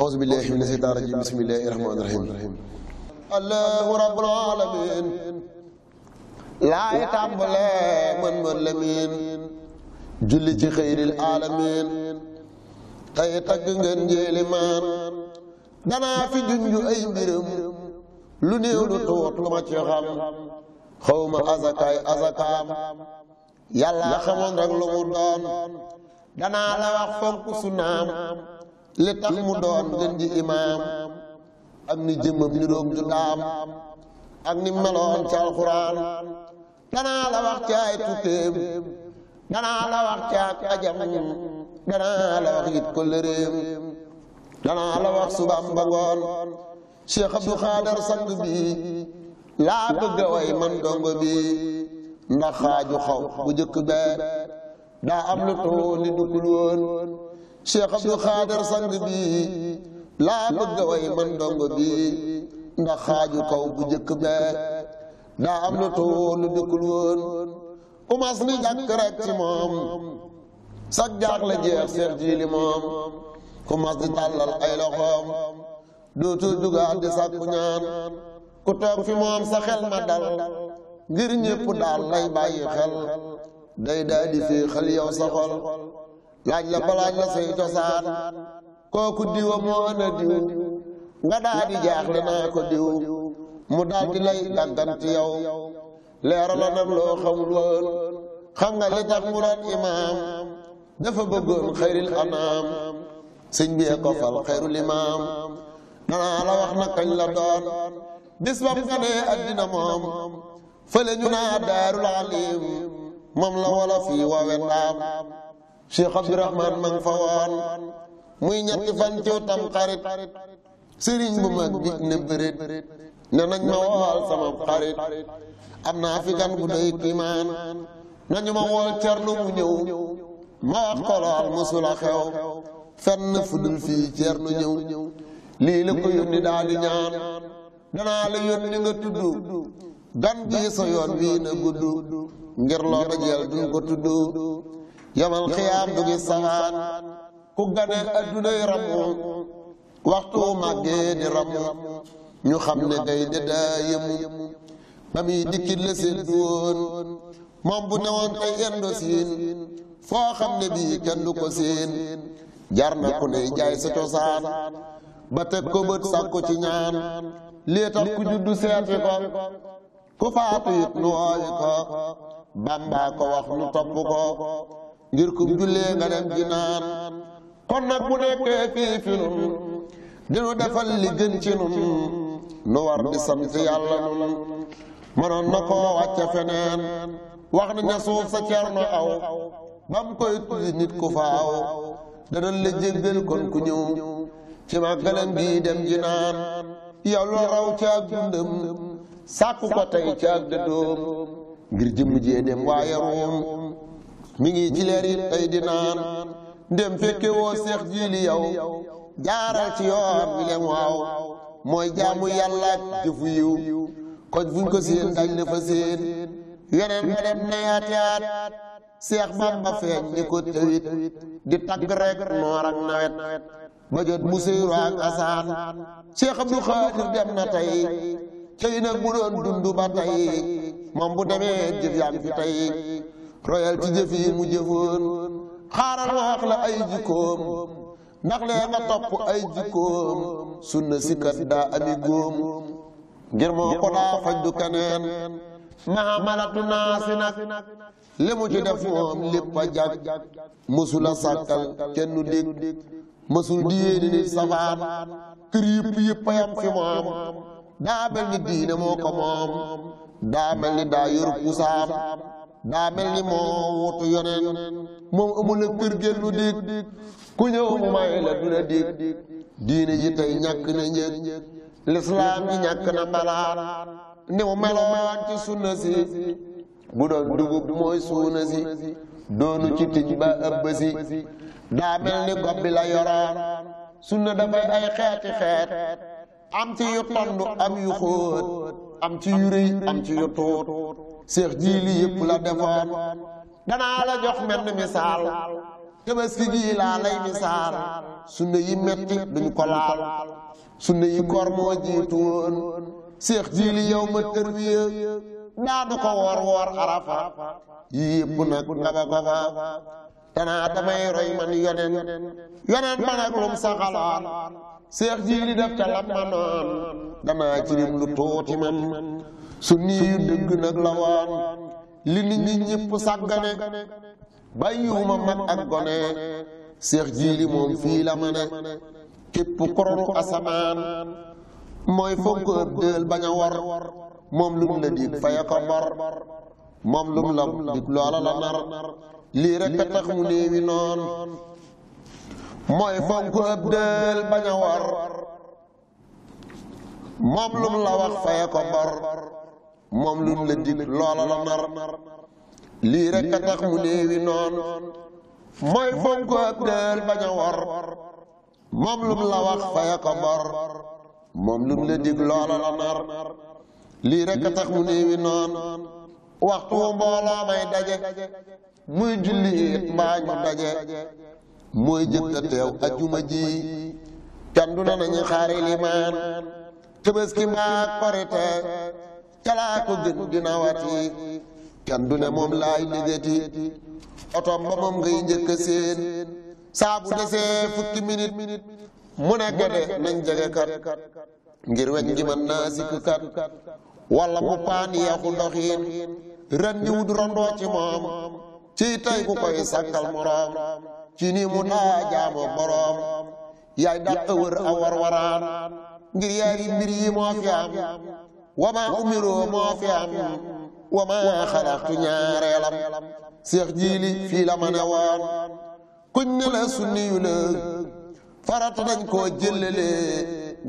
أعوذ بالله من الشيطان الرجيم بسم الله الرحمن الرحيم الله رب العالمين لا يتعمل من ملمين جل خير العالمين تاي تاغن جيل مان دانا في جنجو اي ميرم لو نيو لو توت لو ما تي خام خوما ازكاي ازكام يالا خمون رك لو مو دون دانا لا وخ فنكو li tax mu doon gën gi imaam ak ni jëmmam ni doog ju daam ak ni meloon ci alxuraan danaa la wax ci ay tukkeem danaa la wax ci ajam danaa la wax it ko lëreem danaa la wax subam ba ngoon Cheikh Abdou Khader sang bi laa bëgg way man dongo bi ndax xaaju xaw bu jëkk bee daa am lu too ni dugul woon cheikh abdou xaadar sang bi laa bëgg way man ndongo bi ndax xaaju kaw bu jëkk be daa am lu toon lu dëkkul woon umas ni jàkk rek ci moom sag jaax la jeex seex jiili moom umas di tàllal ay loxoom dootul dugaat di sàkku ñaan ku toog fi moom sa xel ma dal ngir ñépp daal lay bàyyi day daal di féexal yow sa xol laaj la balaaj la say cosaan kooku diwa moo ana diw nga daa jaaxle naa ko diw mu daal di lay dàgganti yow leeral la nam loo xamul woon xam li tax mu doon imaam dafa bëggoon xayril anaam sëñ ko fal xayrul imaam danaa la wax na kañ la doon bis bam ganee addina moom fële ñu naa daarul alim moom la wala fii waawe ndaam cheikh abdourahman ma fa woon muy ñetti fan ci tam xarit sëriñ bu mag bi ne bërit ne ma wool sama xarit am gan gu doy kiimaan nañu ma wool cernu mu ñëw ma wax ko lool musula xew fenn fu fii cernu ñëw lii la yónni daal ñaan danaa la nga tudd gan bii sa wii na gudd ngir loo dajeel duñ ko tudd yomal xiyaam du gis saxaan ku gane addunay ramu waxtu màggee di ramu ñu xam ne gay de daa yëmu ba muy dikki woon moom bu newoon ay endo foo xam ne bii kenn ko siin jar na ku ne jaay sa cosaan ba teg ko sàkku ci ñaan lii tax ku juddu seeti ko ku faatu it nu woowi ko bambaa ko wax nu topp ko ngir kum jullee nga dem ji kon nag bu nekkee fii fi nun defal li gën ci nun nu war di sant yàlla nun mënoon na koo feneen wax na ne suuf sa cerno aw ba mu koy tuddi nit ku fa aw dana la jéggal kon ku ñëw ci màggalam bii dem ji naan yow la raw caag dundam sàkku ko tey caag dëddoom ngir jëmm jee dem waaye ruum mi ngi ci leer it ay di naan ndem fekke woo seex jiili yow jaaral ci yoon bi waaw mooy jaamu yàlla jëfu yiw kon buñ ko seen dañ ne fa seen yeneen ba dem na yaati at seex bamba feeñ ni ko tewit di tagg rek noor nawet ba jot museyru ak asaan seex abdu xaadir dem na tey tey nag bu doon dund ba tey moom bu demee jëf yaa fi tey royal ci jëf yi mu jëfoon xaaral wax la ay jikoom ndax le nga top ay jikoom sunna si kat da ami góom ngir mo ko da faj du kanen maamalatu malatu nas nak li mu ci def mom lépp a jag mësula sàkkal kenn nu dégg mësul di yéene nit safaan kër yëpp yam fi mom da bel ni diine moko mom da mel ni da yor kusam daa mel ni moo wutu yoneen moom amul a kër gel lu ku ñëw may la du la dig diine tey ñàkk na njëg lislaam ji ñàkk na balaar ni mu meloon ci sunna si bu doon dugub mooy suuna si doonu ci tiñ ba ëbb si mel ni gob bi la yoroon sunna dafay ay xeeti xeet am ci yu am yu am ci yu am ci yu seex jii lii yëpp la defoon danaa la jox menn misaal tabaski gii laa lay misaal sunna yi metti duñ ko sunna yi koor moo jiitu woon seex jii li yow ma woor woor arafa yii yëpp nag nga ba ko fa danaa damay roy man yonen yonen ba lum saxaloon seex jii li def ca lam ma lu tuuti man su nii dëgg nag la waan li nit ñi ñëpp sàggane bàyyiwuma mag ak gone seex jiili moom fii la ma képp koronu asamaan mooy fonk ëpp dël bañ a war moom lum la dig faya ko bor moom lum la dig loola la nar lii rekk tax mu néewi noon mooy fonk ëpp dël bañ a war moom lum la wax faya ko bor moom lu mu la dig la nar lii rek a tax mu néewi noon mooy fonk ko ab dëel moom lu mu la wax faya ko bor moom lu mu la dig la nar lii rek a tax mu néewi noon waxtu wu mbooloo may daje muy julli it mbaa ñu daje mooy jëkka teew ajuma ji kenn du na nañu xaari limaan tëbaski mbaa calaa ko gën wati kenn ne moom laay liggéeti otom ba moom ngay njëkk seen saabu desee fukki minit mu ne gede nañ jege kat ngir weñ gi mën sikk kat wala mu paan yeexu doxiin ren wut rondoo moom ciy tey ku koy sàkkal moroom ci ni mu daa jaamo boroom yaay daq wër a war waraan ngir yaari mbir yi fi am وما أمروا ما فيهم وما خلقت نار يلم سيخ جيلي في لمنوان كن لا سني ولا فرط نكو جلل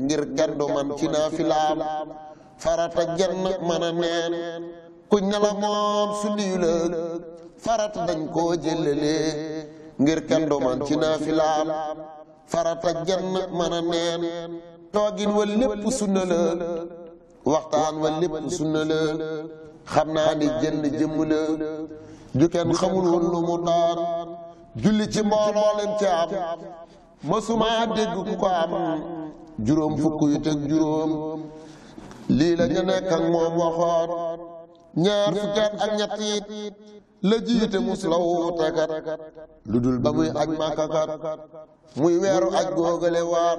نير قدو من كنا في لام فرط جرن من نين كن لا مام سني ولا فرط نكو جلل نير قدو من كنا في لام فرط جرن من نين توغين ولب سنلل waxtaan wa lépp sunna la xam naa ni jëmm la ju kenn xamul woon lu mu daar julli ci mbooloo leen ci am masumaa ko am juróom fukk teg juróom lii la ñu nekk moom waxoon ñaar fukki at ak ñett it mus la wuutekat lu dul ba muy aj màkkakat muy weeru aj googale waan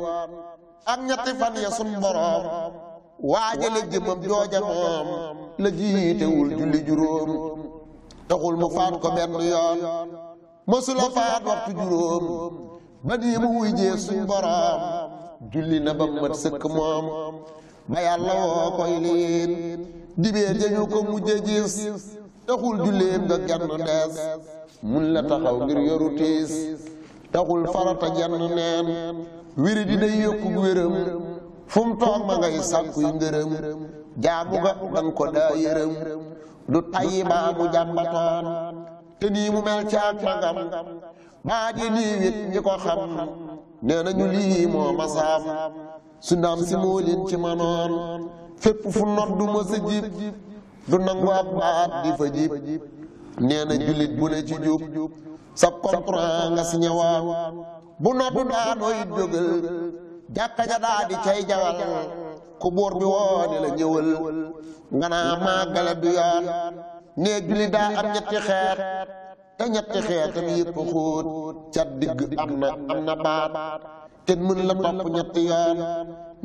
ak ñetti fan ya sun boroom waajale jëmam jooja moom la jiitewul julli juróom taxul mu faat ko benn yoon mësula faat waxtu juróom ba nii mu wuy jee suñ boroom julli na ba mat sëkk moom ba yàlla woo koy liin dibee jañu ko mu gis taxul julleem nga genn des mun la taxaw ngir yoru taxul farata genn neen wéri dina yokku wéram fu mu ma ngay sàkku ngërëm jaamu ga dan ko daa yërëm du tayyi baa mu jàmbatoon te nii mu mel ci ak magam baa di lii wit ñi ko xam nee nañu lii moo masaam su ndaam si moo ci manoon fépp fu not du mës a du nangu ab di fa jib nee bu ne ci jub sab contrat nga si ñëwaa bu not daanooy jógal jàkka ja daa di cay jawal ku buur bi woo ne la ñëwal nga naa màggale du yoon nee julli daa am ñetti xeet te ñetti xeetam yëpp xóot ca digg am na baat kenn mën la topp ñetti yoon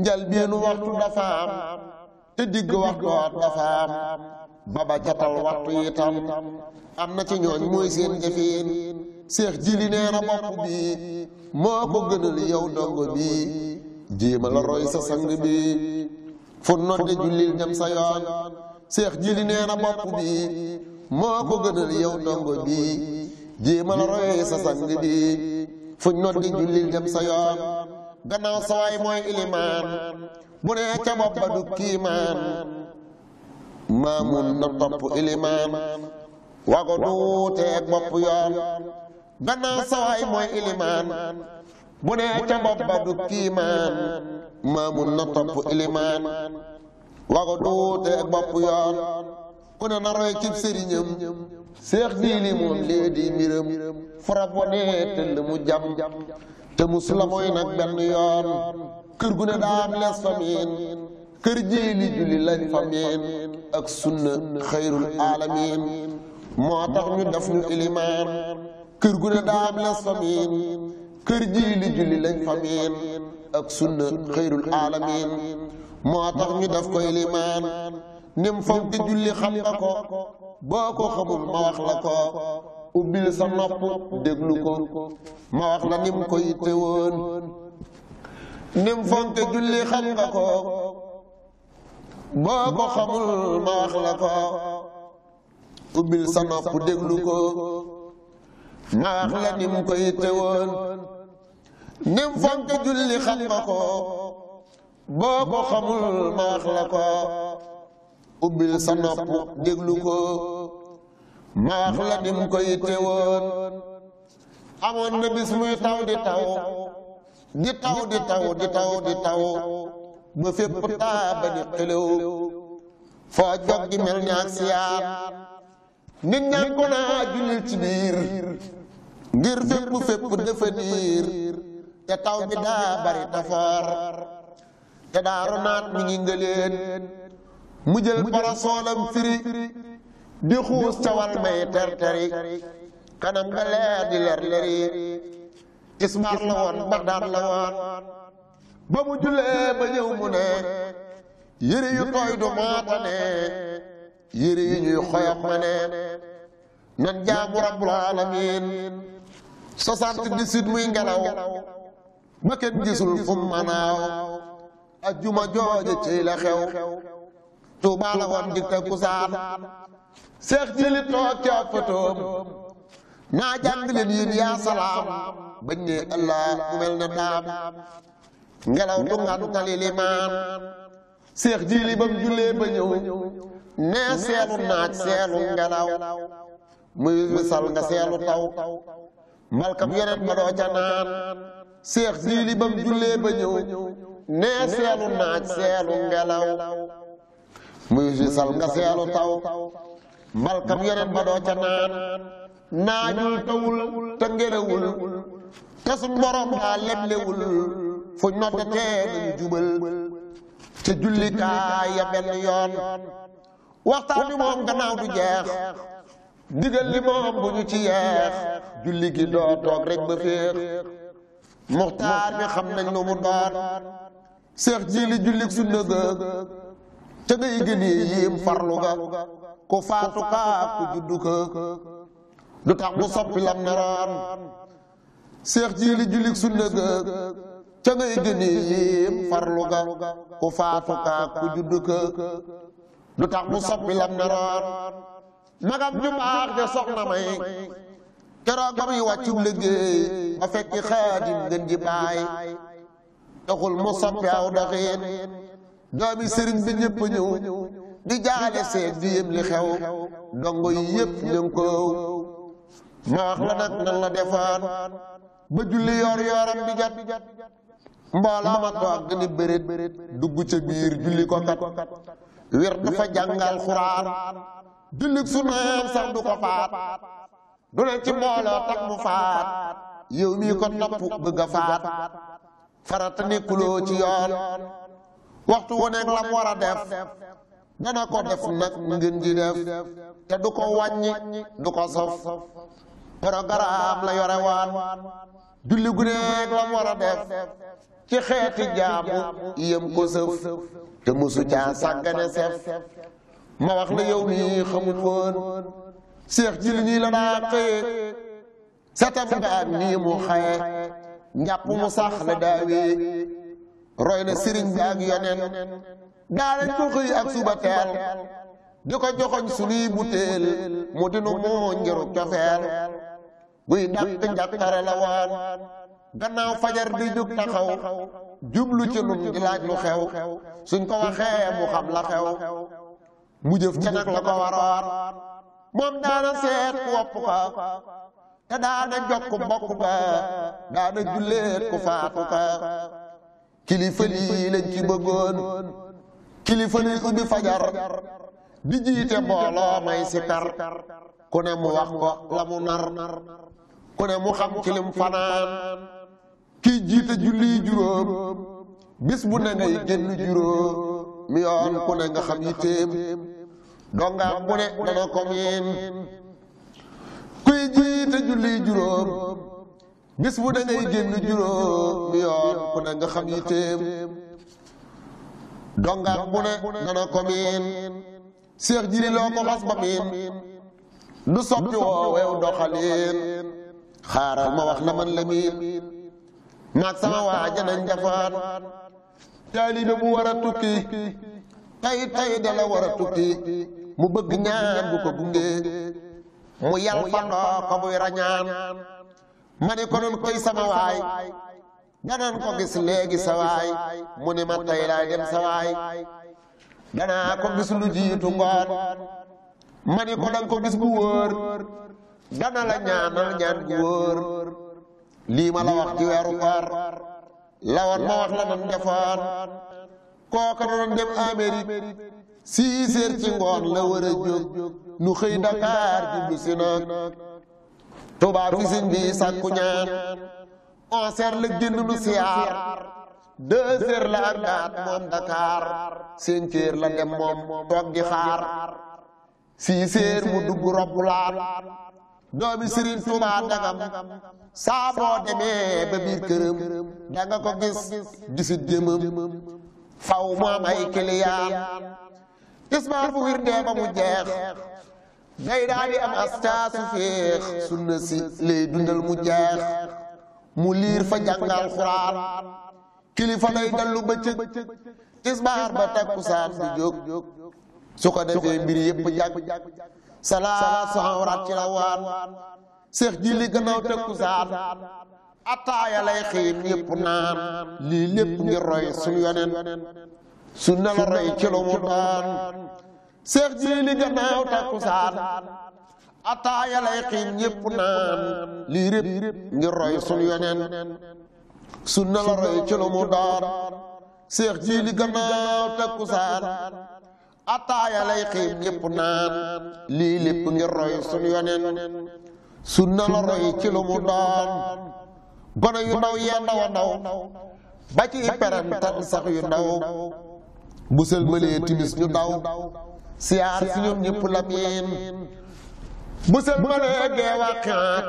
njal beenu waxtu dafa te digg waxtuwaat dafa am baba jatal waxtu itam am na ci ñooñ mooy seen jëfeen seex jili nee na bopp bi moo ko gënal yow dongo bi jéema la roy sa sang bi fu nodde jullil dem sa yoon seex jili nee na bopp bi moo ko gënal yow ndongo bi jéema roy sa sang bi fu nodde jullil dem sa yoon gannaaw sa waay mooy ilimaan bu ne ca bopp ba du maamun na topp ilimaan wago duuteeg bopp yoon gannaaw sa waay mooy ilimaan bu ne ca bopp ba du kiimaan maamun na topp ilimaan wago duute bopp yoon ku ne na cib sëriñam seex diili moom lée di mbiram farab wa nee tëll mu jam te mus la mooy nag yoon kër gu ne daam les famiin kër jéeli julli lañ famiin ak sunna xayrul aalamiin moo tax ñu def ñu ilimaan kër gu ne daam les famiin kër ji li julli lañ fa ak sunna xayrul aalamin moo tax ñu daf koy limaan nim fonki julli xam ko boo ko xamul ma ubbil sa nopp déglu ko nim ko yitte woon nim fonki julli xam boo ko xamul ma ubbil sa nopp déglu ko nim ko yitte woon nim fonk julli xam ko boo xamul maax la ko ubbil sa nopp déglu ko maax la nim ko yitte amoon na bis muy taw di taw di taw di taw di taw ba fépp taa ba foo jog mel ni ak siyaat nit ñaa naa jullil ci biir ngir fépp fépp dafa diir te taw bi daa bari te foor naat mi ngi ngëleen mu jël parasoolam firi di xuus ca wal may terteri kanam nga leer di ler leri ismaar la la woon ba mu julee ba ñëw mu ne yëre yu tooy du maata ne yëre yu ñuy xoyof ma ne nan jaamu rabbul alamin soixante-dix-huit muy ngelaw ba kenn gisul fu manaaw ajjuma jooje ci la xew Tuuba la woon jikka kusaan seex jili toog ca fotoom naa jàng leen yéen yaa salaam bañ ne allah mu mel na daam ngelaw tungan tali limaan seex jili bam jullee ba ñëw ne seelu naaj seelu ngelaw muy wisal nga seelu taw mbalkam yeneen ba doo naan seex siili bam jullee ba ñëw nee seelu naaj seelu ngelaw muy si nga seelu taw mbalkam yeneen ba doo ca naan naajul tawul te ngelawul te suñ borom daa leblewul fu nodde tee nañ jubal ca jullikaay ya benn yoon waxtaan bi moom gannaaw du jeex digal li moom bu ñu ci yeex julli gi doo toog ba féex muxtaar bi xam nañ nu mu daar seex jiili jullik sunna ga ca ngay gën yéem farlu ga ku faatu kaak juddu ka du tax mu soppi lam naraan seex jiili jullik sunna ga ca ngay gën yéem farlu ga ku faatu kaak juddu ka du tax mu soppi lam naraan magam ju baax de soxna may keroog ba muy wàccub liggéey ma fekki xaadim gën ji baay taxul mu soppi aw doxiin sëriñ bi ñëpp ñëw di jaale seet di yëm xew dongo yi yëpp lënkoow ma wax la nag nan la ba julli yoor yooram bi jat mbooloo ma toog dugg ca julli ko kat wir dafa jàngal xuraan julli su naan sax du ko faat du ne ci mbooloo tax mu faat yow ko topp bëgg a faat farata nekkuloo ci yoon waxtu wu nekk la mu war a def dana ko def nag ngeen def te du ko wàññi du ko sof programme la yore waan julli gu nekk la a def ci xeeti jaamu yem ko sëf te mosu caa sef ma wax la yow mii xamul seex jili nii la daa xëye setam daam mu xaye njàpp mu sax la daawee roy na sëriñ bi ak yonen daa lañ ak suba teel di ko joxoñ sunuy butéel mu dinu moo ngiru cofeel buy dàq njàqare la waan gannaaw fajar di jóg taxaw jublu ci lum di lu xew suñ ko waxee mu xam la xew mu jëf ca la ko waroon moom daana seet ku wopp te daana jokk mbokk daana julleet ku faatu ka kilifa ci bëggoon kilifa ubbi fajar di jiite mbooloo si kar ku ne mu wax la mu nar ku ne mu xam ci fanaan kiy jiite julli juróom bis bu ne ngay génn juróom mi yoon ku ne nga xam yitteem dongaam bu ne dana ko miin kuy jiite julli juróom bis bu da ngay génn juróom yoon ku ne nga xam yitteem dongaam bu ne dana miin seex jiri loo xas ba miin du soppi woo wew doxaliin xaaral ma wax na man la miin maag sama waaja nañ jafaat taalibe bu war a tukki tay tay da war a tukki mu bëgg ñaan bu ko gunge mu yal fandoo ko muy rañaan ma ko noon koy sama waay danaan ko gis léegi sa waay mu ne ma tey laay dem sa danaa ko gis lu ngoon ma ko danga ko gis bu wóor dana la ñaanal ñaan bu lii ma la wax ci weeru koor lawoon ma wax la nan defoon kooka doon dem Amérique six heures ci ngoon la war a nu xëy Dakar jublu si naag Tuubaa fi bi sàkku ñaan onze la génn nu siyaar deux la àndaat moom Dakar cinq heures la dem moom toog xaar six mu dugg roplaan doomi Sëriñ Tuubaa dagam saa demee ba biir këram da ko gis gisit jëmam faw moom ay kiliyaan tisbaar bu wirdee ba mu jeex day daal di am astaasu féex sunna si lay dundal mu jeex mu liir fa jàngal xuraan kilifa lay dallu bëccëg tisbaar ba takkusaan du jóg su ko defee mbir yëpp jag salaat su ci la seex ji li gannaaw takkusaan attaaya lay xiim yëpp naan lii lépp ngir roy suñu yoneen sunna la roy ci lu mu doon seex jiili gannaaw takkusaan ataaya lay xiin ñépp naan lii répp ngir roy sun sunna la roy ci lu mu doon seex jiili gannaaw takkusaan ataaya lay xiin ñépp naan lii lépp ngir roy sun sunna la roy ci lu mu doon gone yu ndaw yee ndaw a ndaw ba ci perantan sax yu bu sëlmalee timis ñu daw siyaar si ñoom ñëpp lamiin bu sëlmalee gee wàqaat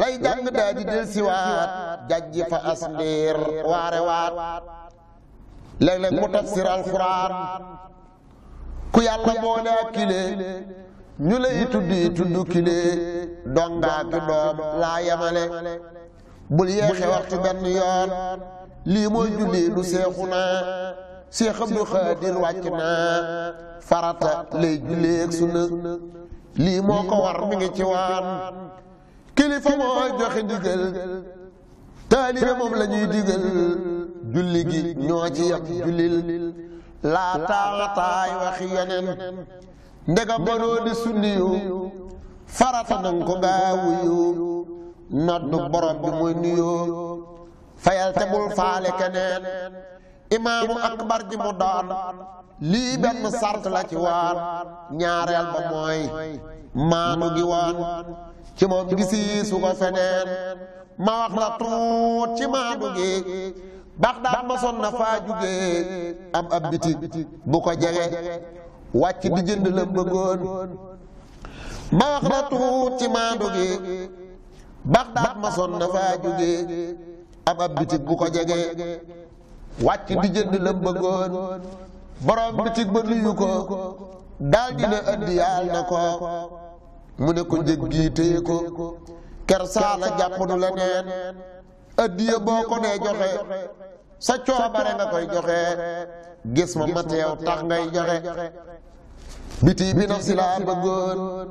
lay jàng daa ji siwaat jajji fa as waare waat léeg-léeg mu tafsir alxuraan ku yàlla boole ak kile ñu lay tuddi tudd kile dongaa ki doom laa yemale bul yeexe waxtu benn yoon lii mooy julli lu seexu naa Seex Abdu Xaadir wàcc naa farata lay julleeg sunna lii moo ko war mi ngi ci waan kilifa mooy joxe ndigal taalibe moom la ñuy digal julli ñoo ci yam jullil laa taataay waxi yeneen ndega baroo di farata nanga ko gaawu noddu borom bi muy nuyoo fayal te faale keneen imaamu akbar ji mu doon lii benn sart la ci waan ñaareel ba mooy maanu gi waan ci moom gisi su ko feneen ma wax la tuut ci maanu gi Baxdaad mosoon na faa jugee am ab bitig bu ko jege wàcc di jënd la bëggoon ma wax la tuut ci maandu gi Baxdaad mosoon na faa jugee am ab bitig bu ko jege wàcc di jënd la bëggoon borom bitig ba nuyu ko daal di ne na ko mu ne ko njëg gii téye ko la jàpp nu leneen ëddi boo ko nee joxe sa coobare nga koy joxe gis ma ma teew tax ngay joxe biti bi naf si bëggoon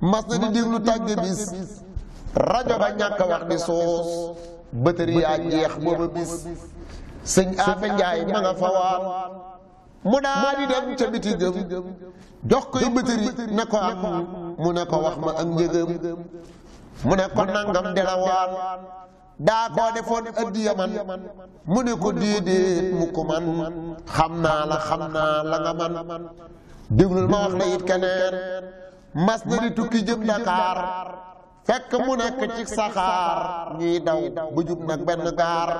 mas di déglu tàgge bis rajo ba ñàkk wax di suus bëtëri jeex booba bis sëñ Afe Njaay ma nga fa waar mu daa di dem ca biti jox koy bëtëri ne ko am mu ne ko wax ma ak njëgëm mu ne ko nangam delawaan daa koo defoon addiya man mu ne ko déedéet mu man xam naa la xam naa la nga man déglul ma wax la it keneen mas na di tukki jëm Dakar fekk mu nekk ci saxaar ñuy daw bu jub nag benn gaar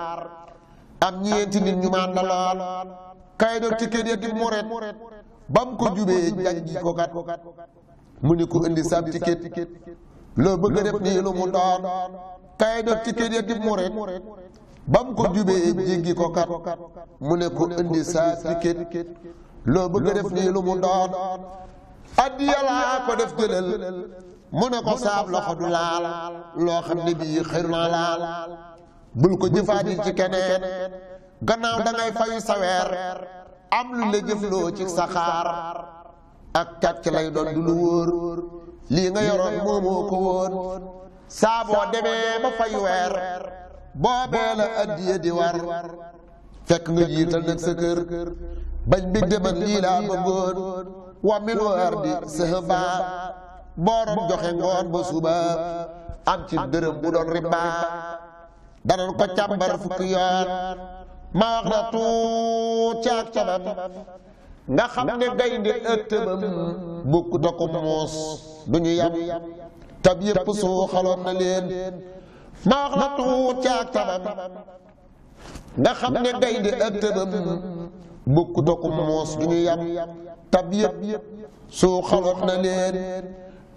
am ñeenti nit ñu maan na lool kay doog ci kër ya di muret ba mu ko jubee jàngi ko kat mu ni ko indi sab ticket loo bëgg a def nii lu mu doon kay doog ci kër ya di ba mu ko jubee jéggi ko kat mu ne ko indi sa ticket loo bëgg a def nii lu mu doon addiya laa ko def jëlal mu ne ko saab loxo du laal loo xam ne bii xëy laal bul ko jëfaati ci keneen gannaaw da ngay fayu saweer am lu la jëfloo ci saxaar ak kàcc lay doon du lu wóor lii nga yoroon moomoo ko woon saa demee ba fay weer boobee la addiya di war fekk nga jiital nag sa kër bañ bi demal lii laa bëggoon wa min waar di sëhëba boo doon joxe ngoon ba suba am ci dërëm bu doon riba daral ko càmbar fukki yoon ma wax la tuut ci ak cabam nga xam ne gaynde ak cabam nga xam ne du ñu yam tab yépp suu xaloon na leen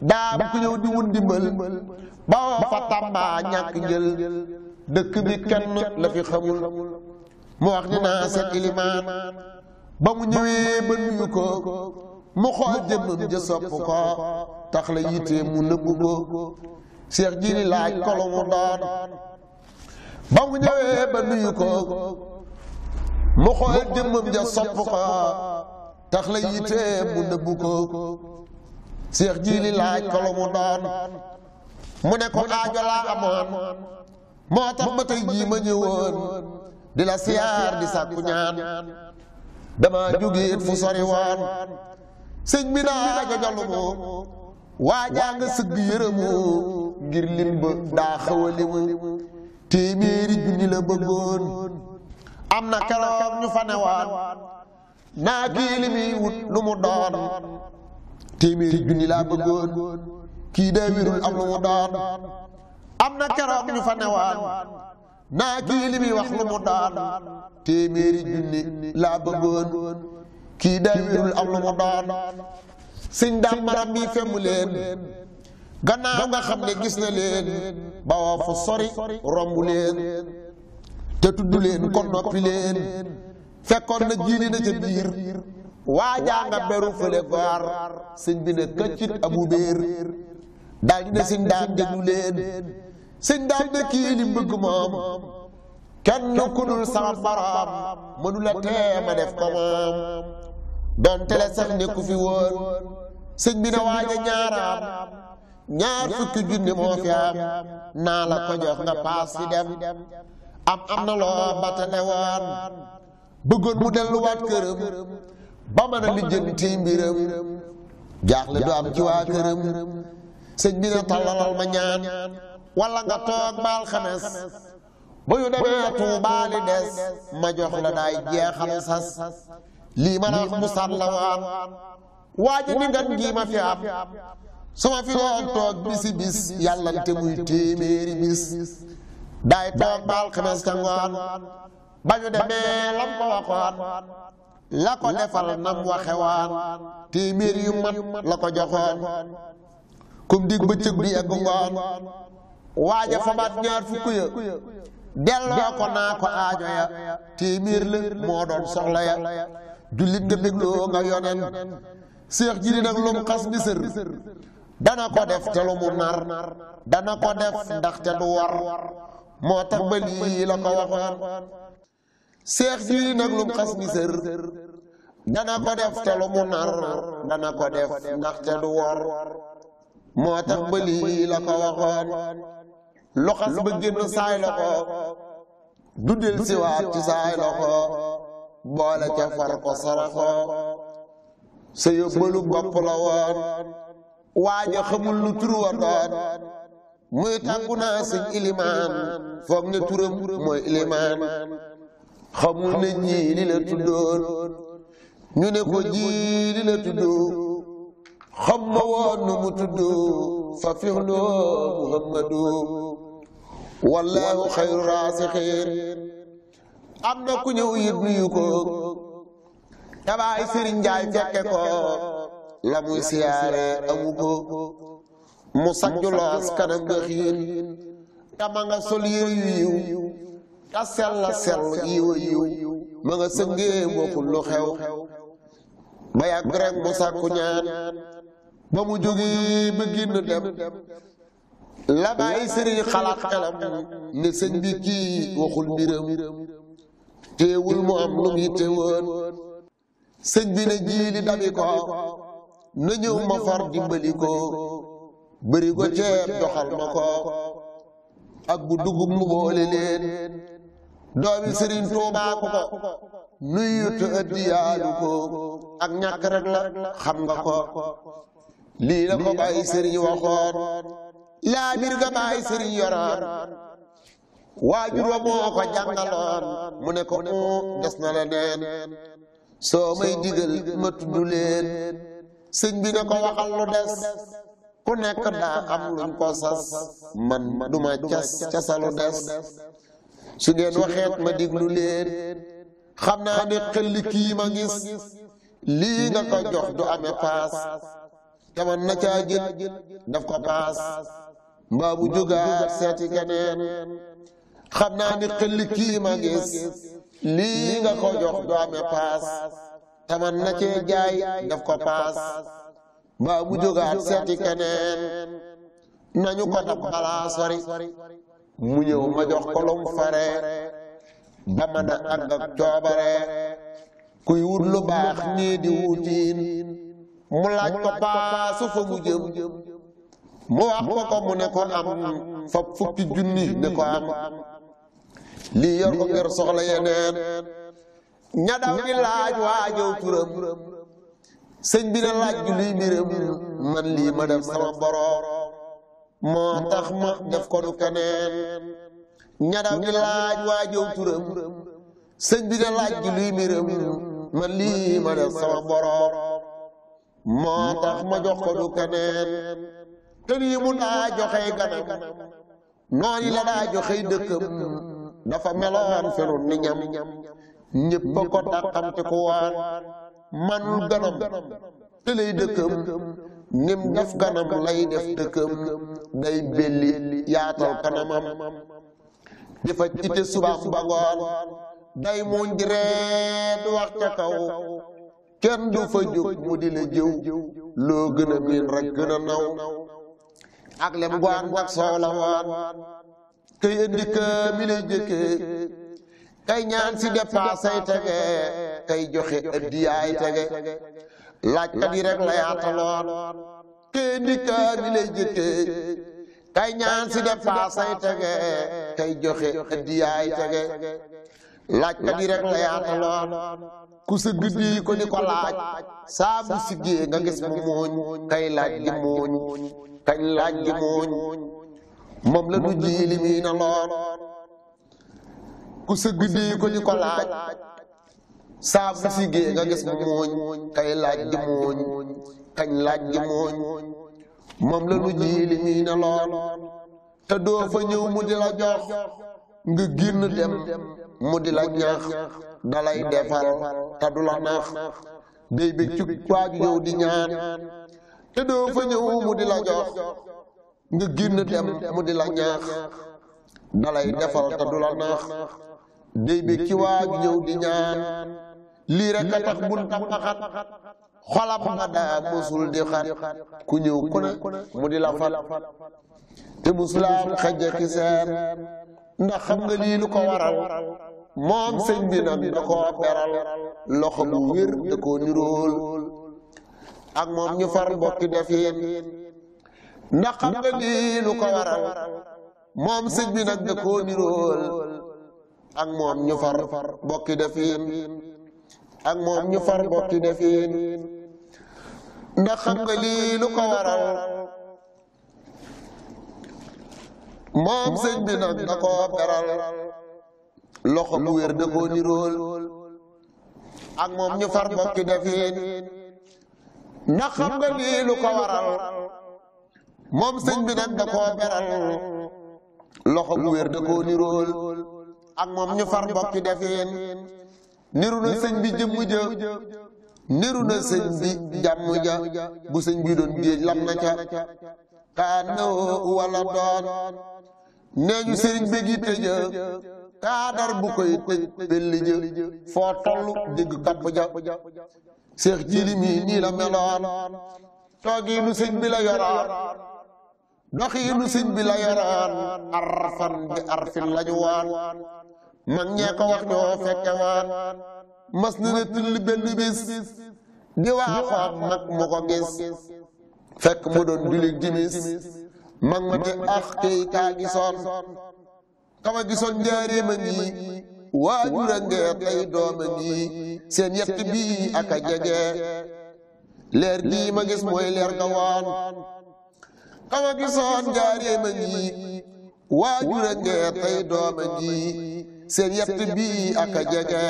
daam ku ñëw di wun dimbal ba woo fa tàmbaa ñàkk njël dëkk bi kenn la fi xamul mu wax ni naa ilimaan ba mu ñëwee ba nuyu ko mu xool jëmmam ja sopp ko tax la yitee mu nëbb ko seex jili laaj ko mu doon mu ne ko aajo laa amoon moo tax ba tey jii ma ñëwoon di la siyaar di sàkku ñaan dama jógeet fu sori woon sëñ bi daa jajalu moo waajaa nga sëgg yërëmoo ngir lim ba daa xawali mu téeméeri junni la bëggoon am na keroog ñu fa newaan naa kii li wut lu mu doon téeméeri junni laa bëggoon kii daa wérul am lu mu doon am na keroog ñu fa newaan naa kii li muy wax lu mu daan téeméeri junni laa bëggoon kii day wérul am lu mu daan sëñ daam maram femu leen gannaaw nga xam ne gis na leen bawoo fu sori romb leen te tudd leen kon noppi leen fekkoon na jiili na ca biir waajaa nga beru fële gaar sëñ bi ne këccit abu béer daal di ne sëñ daam leen sëñ daal de kii li bëgg moom kenn ku dul sama boroom mënu la tee def ko moom donte la sax ne ku fi woon sëñ bi na waaja ñaaraam ñaar fukki junni moo fi am naa la ko nga paas si dem am am na loo batale woon bëggoon mu delluwaat këram ba mën a lijjanti mbiram jaaxle du am ci waa këram sëñ bi na tallalal ma ñaan wala nga toog ba alxames bu ñu demee Tuubaa li des ma jox la daay jeexal sas lii ma la wax musal la waan ni ngan gii ma fi am su ma fi doon toog bisi bis yàllante muy téeméeri bis daay toog ba alxames ca ngoon ba ñu demee lam ko waxoon la ko defal nam waxe waan téeméer la ko joxoon kum dig bëccëg bi ak ngoon waaja fabaat ñaar fu ya delloo ko naa ko aajo ya téeméer la moo doon soxla ya jullit nga bégloo nga yonen seex jiri nag lum bi dana ko def te lu mu nar ko def ndaxte moo tax ba lii la ko waxoon seex jiri nag lum xas bi dana ko def te mu nar dana ko def ndaxte du war moo tax ba la ko waxoon loxas ba génn saay loxo du del siwaat ci saay loxo boole ca far ko saraxo sa yóbbalu bopp la woon waaja xamul lu tur wa doon muy tàggu naa sëñ ilimaan foog ne turam mooy ilimaan xamul ne jiili la tuddoon ñu ne ko jiili la tuddoo xam ma woon nu mu tudd fa fi'lu Muhammadu wallaahu xayru raasixiin am na ku ñëw yit nuyu ko tabaay sëriñ Njaay fekke ko la muy siyaare amu ko mu sajju kanam nga xiin tama nga sol yére yiw ta sella sell yiwa yiw ma nga sëngee bokkul lu xew ba yàgg rek mu sàkku ñaan ba mu jógee ba génn dem la sëriñ xalaat xelam ne sëñ bi kii waxul mbiram teewul mu am lu mu yitte sëñ bi ne jiili dabi ko na ñëw ma far dimbali ko bëri ko ceeb doxal ma ko ak bu dugub mu boole leen doomi sëriñ tuubaa ko ko nuyu te addiyaalu ko ak ñàkk rek la xam nga ko lii la ko sëriñ waxoon laabir ga sëriñ yoroon waajur wa moo ko jàngaloon mu ne ko mu mm, des na leneen soo may digal ma tudd leen sëñ bi ne ko waxal des ku nekk daa am luñ ko sas man duma casalu des su ngeen waxeet ma diglu leen xam naa ne xelli kii ma gis lii nga ko jox du amee paas te man na caa jël daf ko paas mbaa bu jugaat seeti keneen xam naa ni xëlli kii ma lii nga ko jox du paas taman na cee jaay daf ko paas mbaa bu seeti keneen nañu ko dab balaa sori mu ñëw ma jox ko lum fare ba mën a àgg coobare kuy wut baax nii di wutiin mu laaj ko paasu fa mu jëm mu ko ko mu ne ko am fa fukki junni ne ko am lii yor ko soxla yeneen ña daw laaj waajow turam bi na laaj turam sëñ bi na laaj ju luy man lii ma def sama boroom moo tax ma jox ko nu keneen kër yi mu daa joxey ganam noon yi la daa joxey dëkkam dafa meloon felu ni ñam ko dàqamte ku waan manul ganam te dëkkam nim def ganam lay def dëkkam day belli yaatal kanamam dafa ite subaam ba ngoon day muuñ di reet wax ca kaw kenn du fa jóg mu di la jëw loo gën a miin rek gën a naw ak lem gwaan gwak soxla woon kuy indi kaamil ay jëkkee kay ñaan si dépasse ay tege kay ñaan si dépasse ay tege kay joxe addiya ay tege laaj kat yi rek la yaataloon ku sa di ko laaj saa bu siggee nga gis mu mooñ kay laaj di mooñ kañ laaj ji muuñ moom la du ji li na lool ku sëgg dii ko di ko laaj saa bu sigee nga gis muuñ kay laaj ji muuñ kañ laaj ji muuñ moom la du ji na lool te doo fa ñëw mu di la jox nga génn dem mu di la ñaax dalay defal te du la naax day bi ci waaju ñëw di ñaan te do fa ñew mu di la jox nga genn dem mu di la ñaax dalay defal ta du la naax dey bi ci waa ñew di ñaan li rek tax bul taxat xolam nga da musul di xat ku ñew ku na mu di la fat te musulaam xajja ki seen ndax xam nga li lu ko waral mom señ bi nag da ko beral loxo bu wér da ko nirool ak moom ñu far bokki defin ndax xam nga lii lu waral moom sëñ bi nag da koo nirool ak moom ñu far bokki defin ak moom ñu far bokki defin ndax xam nga lii lu ko waral moom sëñ bi nag da koo beral loxo bu da koo nirool ak moom ñu far bokki defin ndax xam nga lii lu ko waral moom sëñ bi nag da beral loxo bu wér da nirool ak moom ñu far bokki defeen niru na sëñ bi jëmm ja niru na sëñ bi jàmm ja bu sëñ bi doon géej lam na ca kaanaw wala doon nee ñu sëriñ bégi tëja kaadar bu koy tëj belli foo toll dégg kapp ja Seex Jiili mii a la meloon toogiinu sëñ bi la yoroon doxiinu sëñ bi la yoroon arfan bi arfin la ñu ñee ko wax ñoo fekke waan mas na ne tulli benn bis di mu ko gis fekk mu doon julli timis mag ma gi ax kii kaa gisoon kama gisoon njaaree ma ngi waajur a ngee tey dooma seen yett bii ak a jege leer gii ma gis mooy leer ga waan xama gisoon jaareem a ngi waajur a ngee tey dooma seen yett bii ak a jege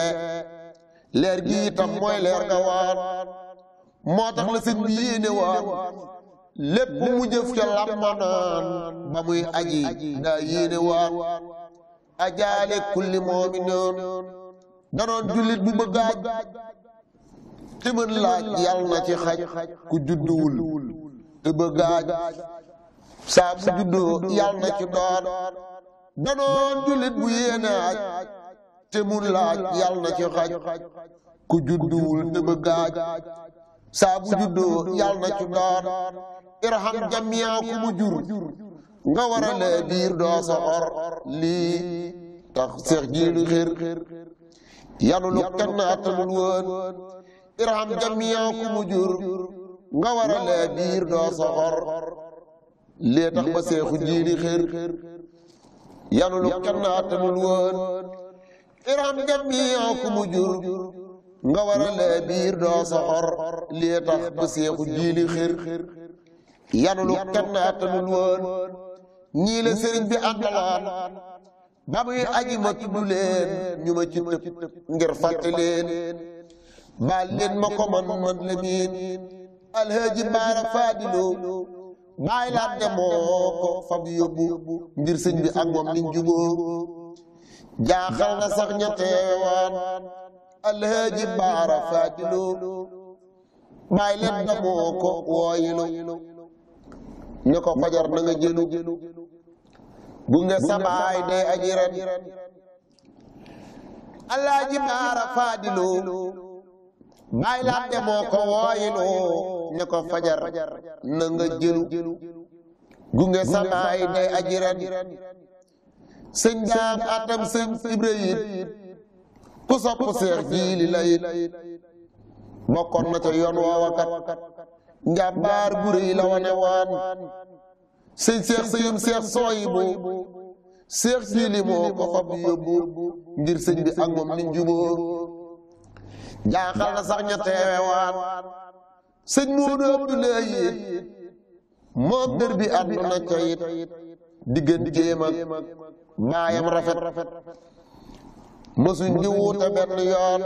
leer gii tam mooy leer ga waan moo tax la seen bi yéene waan lépp mu jëf ca làmmanaan ba muy aji daa yéene waan ajaale kulli mu'minin danoon jullit bu bëgg aj laaj yàlla ci xaj ku judduwul te bëgg saa bu juddoo ci doon danoon jullit bu yéene aj laaj yàlla ci xaj ku judduwul te bëgg saa bu juddoo ci doon irham jamiya ku jur nga war a lee doo sa or lii tax seex jiilu xir yanu lu kenn attanul woon irham jamiya ku jur nga war a lee doo sa or tax ba seexu jiili xir yanu lu kenn attanul attanul woon ñii la bi àndaloon ba muy aji ma tudd ñu ma ci tëb ngir fàtte leen baal leen ma ko man man miin alhaaji baara faadilu bàyyi laa demoo ko fab yóbbu ngir sëñ bi ak moom niñ juboo jaaxal na sax ña teewaan alhaaji baara faadilu bàyyi leen demoo ko wooyilu ñu ko fajar na nga gunge sabaay day aji ren alaaji baara faadilu baay laat de moo ko wooyilu ne ko fajar na nga jëlu gunge sabaay day aji ren sëñ daam atam sëñ ibrahim ku sopp seex jiili layit bokkoon na ca yoon woowakat njàmbaar gu rëy la wane waan sëñ seex sëyam seex sooy boobu seex siili moo ko xob yóbbu ngir sëñ bi ak moom niñ juboo jaaxal na sax ña teewewaat sëñ Moodu Abdoulaye it moo dër bi ànd na ca it digganteem baayam rafet mësuñ di wuute benn yoon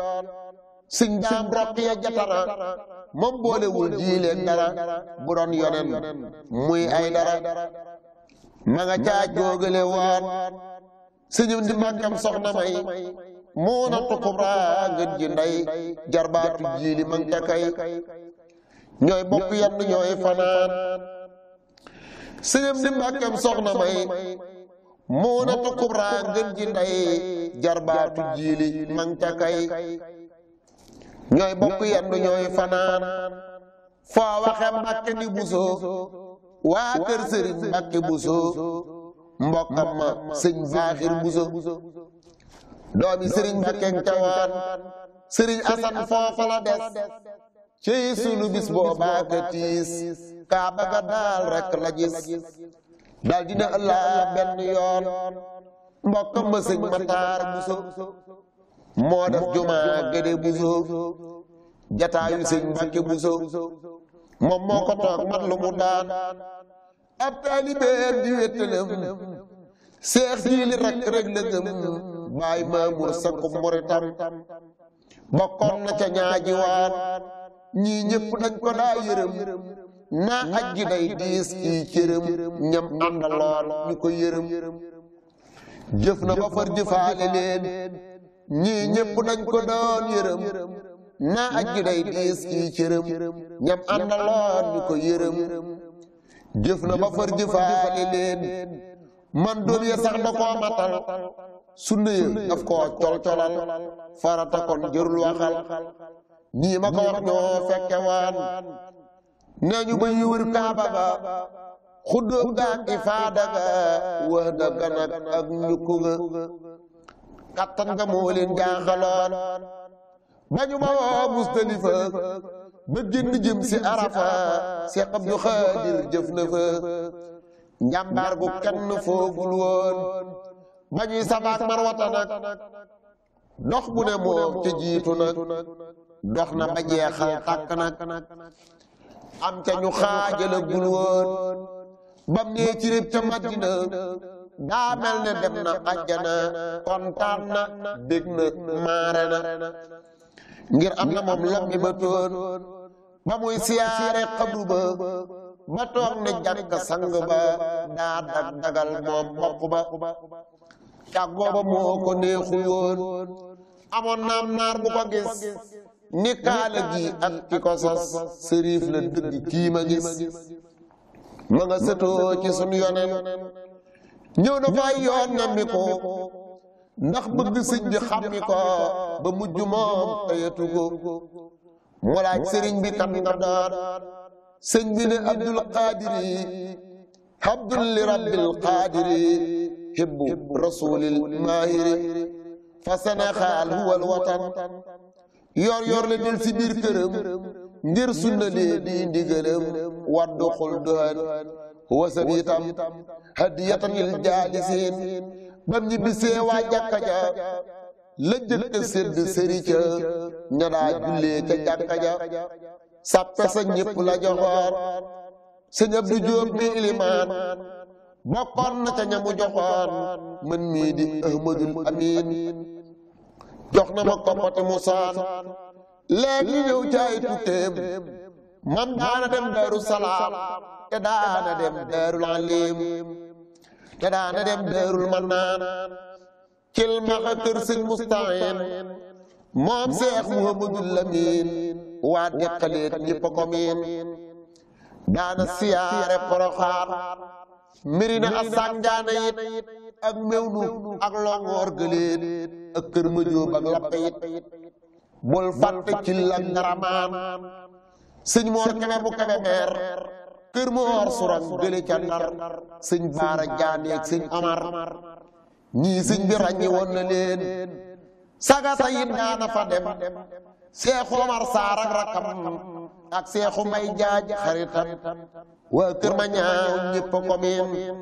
sëñ daam roq jatara moom boolewul jiileeg dara bu doon yonen muy ay dara ma nga caaj googale waat sëñëm di màkkam soxna may moo na tukubra ngën ji nday jarbaatu jiili ma nga kay ñooy bokk yenn ñooy fanaan sëñëm di màkkam soxna may moo na tukubra ngën ji nday jarbaatu jiili ma nga ñoy bokk yandu ñoy fanan fo waxe mbàkke ni buso wa keur sëriñ mbàkke buso mbokam ma señ zahir buso doomi sëriñ mbakken cawaan sëriñ asan fa la dess ci sunu bis boobaa ka tiis kaa baga rek la gis dal dina Allah ben yoon mbokam ma señ matar buso mo def juma gede buso jataayu sëñ Mbàkke Buso moom ko toog mat lu mu daan ab taalibeem di wéttalam seex jiili rek rek la gëm baay maamur sakku muritam bokkoon na ca ñaaji waan ñii ñëpp dañ ko daa yërëm naa aj day diis kii cërëm ñam àndaloon ñu ko yërëm jëf na ba far jëfaale leen ñii ñëpp dañ ko doon yërëm naa aj ju day diis kii cërëm ñam àndaloon ñu ko yërëm jëf na ba far jëfaali leen man doom ya sax da koo matal sunna ya daf koo col-colal kon jërul waxal ñii ma ko wax ñoo fekke waan nee ñu ba ñu kaaba ba xuddóom gaak ifaada ga wax ganak ak ñukku ga kattan nga moo leen bañu ma woo Mustalifa ba génn jëm si Arafa Cheikh Abdou Khadir jëf na fa njàmbaar gu kenn foogul woon bañuy safaak marwata nag dox bu ne moom ca jiitu nag dox na ba jeexal tàkk nag am ca ñu xaajala gul woon bam nee ca Madina daa mel ne dem na àjjana kontaan na bég na maare na ngir am na moom lam mi ba toon ba muy siyaare xabru ba ba toog ne jàkk sang ba daa dag moom bopp ba càggoo ba moo ko neexu woon amoon naam naar bu ko gis ni kaala gi ak ki ko sos sëriif la dëgg kii gis ma nga sëtoo ci sunu yonen ñëw na fay yoon na mi ko نخبط دي سيدي خميقا بمجمام قيتوغو مولاك سرين بي تنقدار سن بن عبد القادر عبد لرب القادر حب رسول الماهر فسنا خال هو الوطن يور يور لدل سبير كرم نير سنة لدين دي ودخل دهن wasabi itam hadiyatan lil jaalisiin bam ñibbisee waa jàkka ja la jëkk sedd sëri ca ña daa jullee ca jàkka ja sàppe sa ñëpp la joxoon sëñ Abdu Jóob mi ilimaan bokkoon na ca ñamu joxoon man mii di Ahmadul Amin jox na ma koppati mu saan léegi ñëw jaay tukkeem moom daana dem daaru salaam te daana dem daarul alim te daana dem daarul mannaan kilmaxa kër sëñ mustahin moom seex muhammadul lamin waa deqaleet ñëpp a ko miin daana siyaare poroxaat mirina asak jaana it ak mewnu ak longoor gëleen ak kër ma jóob ak lappa it bul fàtte ci la ngaramaan sëñ moor kebe bu kebe meer kër moor suran gële ca ndar sëñ baara jaaneeg sëñ ñii sëñ bi ràññi woon na leen sagata yit daana fa dem seexu omar saar ak ak seexu mbay jaaj xaritam waa kër ma ñaaw ñëpp ko miim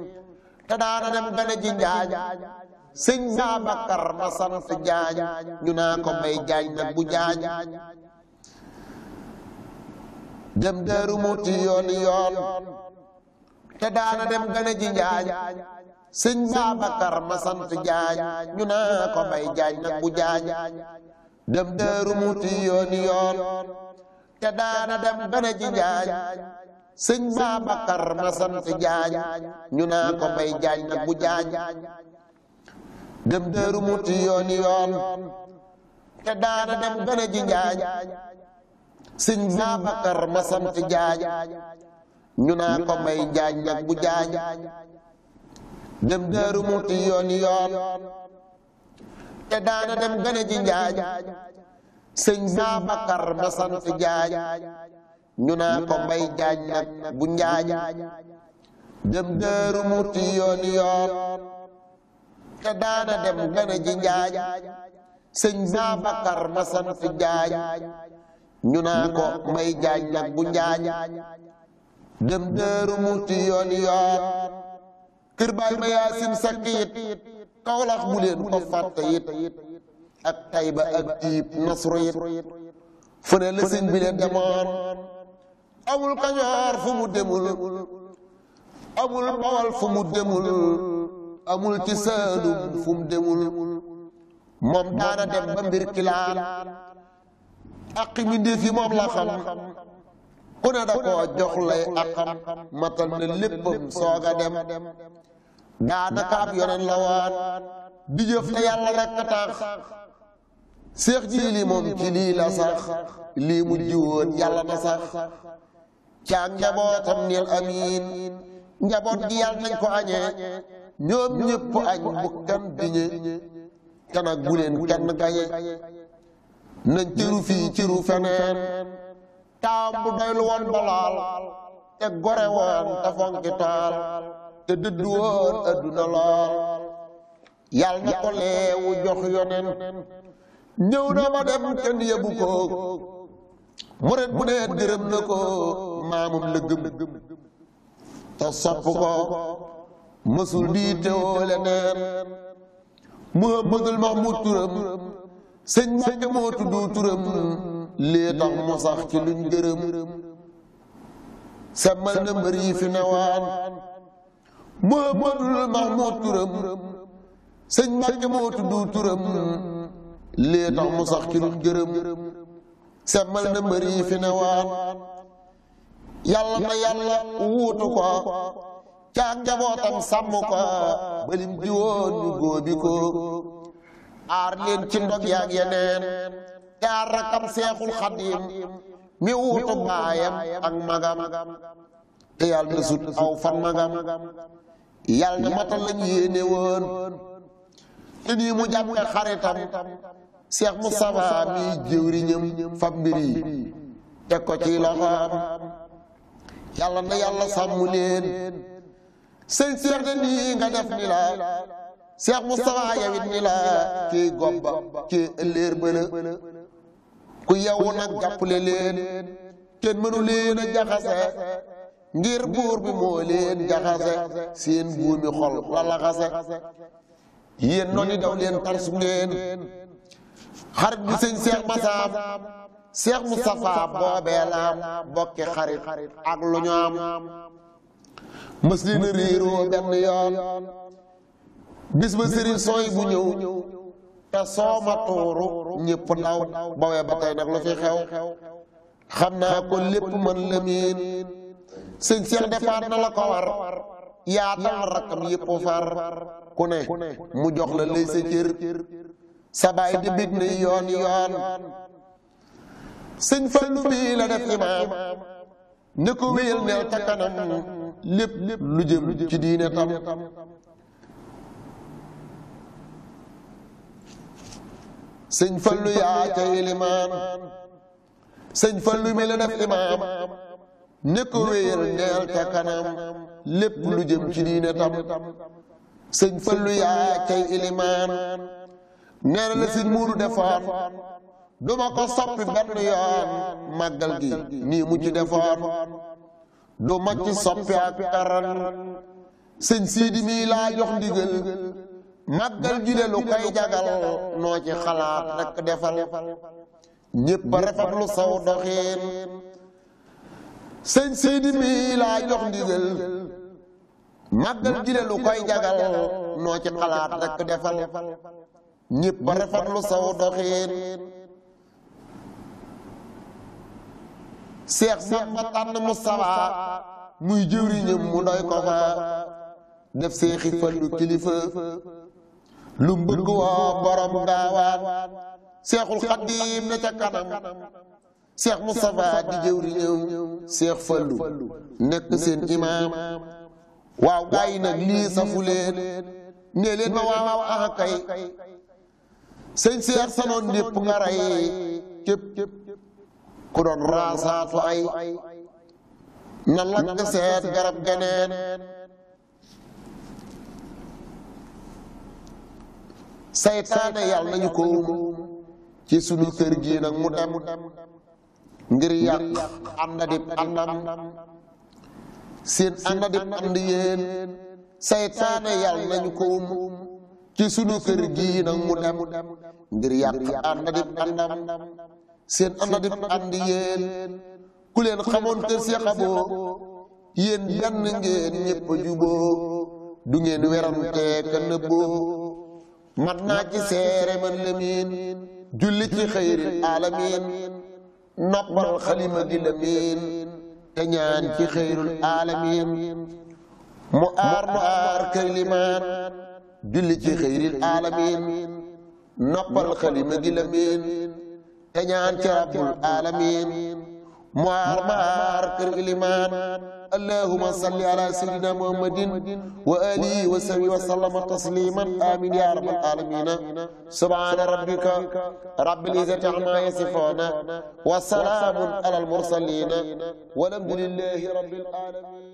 te daana dem gane ji njaaj sëñ baabakar ma sant jaaj ñu naa ko mbay jaaj nag bu jaaj dem Daaru Muxti yoon yoon te daana dem gane ji Njaañ sëñ Babacar ma sant Jaañ ñu naa ko Mbay Jaañ nag bu Jaañ dem Daaru Muxti yoon yoon te daana dem gane ji Njaañ sëñ Babacar ma sant Jaañ ñu naa ko Mbay Jaañ nag bu Jaañ dem Daaru Muxti yoon yoon te daana dem gane ji Njaañ sëñ Babacar ma sant jaañ ñu naa ko may jaañ nag bu jaañ dem Daaru Muxti yoon yoon te daana dem gane ji jaañ sëñ Babacar ma sant jaañ ñu naa ko may jaañ nag bu njaañ dem Daaru Muxti yoon yoon dem gane ji jaañ sëñ Babacar ñu naa ko may jaaj nag bu njaañ dem dëeru muti yoon yoor kër baay ma yaasin sakkiit kawlax bu leen ko fàtte it ak tayba ak jiib nasru it fu ne lësin bi leen amul kañoor fu mu demul amul bawal fu mu demul amul ci saalum fu mu moom daana dem ba mbir aqi mbindéef yi moom la xam ku ne da koo jox lay aqam matal na léppam sooga dem daanaka ab yonen la waan di te yàlla rekk tax seex ji lii moom ci lii la sax lii mu jiwoon yàlla na sax caa njabootam nil amiin njaboot gi yàlla nañ ko añee ñoom ñëpp añ bu kenn diñe te nag bu gaye nañ ciru fii ciru feneen taam bu doylu woon balaal te gore woon te fonki te dëddu woon adduna laal yal na ko leewu jox yonen ñëw na ma dem kenn yebu ko murit bu nee gërëm na ko maamum lëggëm te sopp ko mësul di teewoo leneen Muhammadul Mahmud turam sëñ Mbàkke moo tudd turam tax mu sax gërëm semmal na mbër yi fi newaan Muhammadul Mahmud turam sëñ Mbàkke moo tudd turam lii tax mu sax gërëm semmal na mbër yi fi newaan yàlla na yàlla wuutu ko ca njabootam balim ji woon ñu góobi aar leen ci ndog yaag yeneen yaar rakam seexul xadim mi wuutu baayam ak magam te yàlla na sut aw fan magam yàlla na matal lañ yéene woon nii mu jàppe xaritam seex Mustafaa mi jëwriñam fab mbiri teg ko ci loxoom yàlla na yàlla sàmm leen sëñ seex na nii nga def ni la Cheikh Moustapha yawit ni la kii gomba kii ëlléer bëla ku yewwu nag jàppale leen kenn mënu leen a ngir buur bi moo leen jaxase seen buumi xol la laxase yéen daw leen tarsum leen xarit bi sëñ Cheikh Massaam Cheikh Moustapha boobee bokki xarit ak lu ñu am mës leen a bis ba sëriñ sooy bu ñëw te sooma tuuru ñëpp daw bawee ba tey nag lu fi xew xam naa ko lépp man lëmiin sëñ seex defaat na la ko war yaatal rakkam yëpp far ku ne mu jox la lay sa cër di big na yoon yoon sëñ Fallu bii la def imaam ni ko wéyal neel ca kanam lépp lu jëm ci diine tam sëñ fallu yaa cay limaan sëñ fallu mi la def imaam ne ko wéyal ndeel ca kanam lépp lu jëm ci diine tam sëñ fallu yaa cay ilimaan nee na la sëñ muudu defoon du ma ko soppi benn yoon màggal gi nii mu ci defoon du ma ci soppi ak aran sëñ siidi mii laa jox ndigal màggal gi lu koy jagal noo ci xalaat rek defal ñëpp a rafetlu lu koy jagal noo ci xalaat rek defal ñëpp muy jëwriñam mu doy ko fa def seexi fallu kilifa lu bëgg woo borom gaawaan seexul xaddiim ne kanam seex Moustapha di jëwriñam seex Fallu nekk seen imaam waaw gaa yi lii safu leen nee leen ma waaw aha kay sëñ seex sanoon ñépp nga rey képp ku doon raasaatu ay na lakk seet garab geneen saytaane yàlla nañu ko ci sunu kër gi nag mu dem ngir yàq ànda dib àndam seen ànda dib ànd yéen saytaane yàlla nañu ko ci sunu kër gi nag mu dem ngir yàq ànda dib àndam seen ànda dib ànd yéen ku leen xamoon te seexaboo yéen benn ngeen ñëpp juboo du ngeen werante ka nëbboo مناجي سير ملمين جلتي خير العالمين نقبر الخليمة دي دلمين تنيان في خير العالمين مؤار مؤار كلمات جلتي خير العالمين نقبر الخليمة دي دلمين تنيان في رب العالمين مؤار مؤار كلمات اللهم صل على سيدنا محمد وآله وسلم وسلم تسليما آمين يا رب العالمين سبحان ربك رب العزة عما يصفون وسلام على المرسلين والحمد لله رب العالمين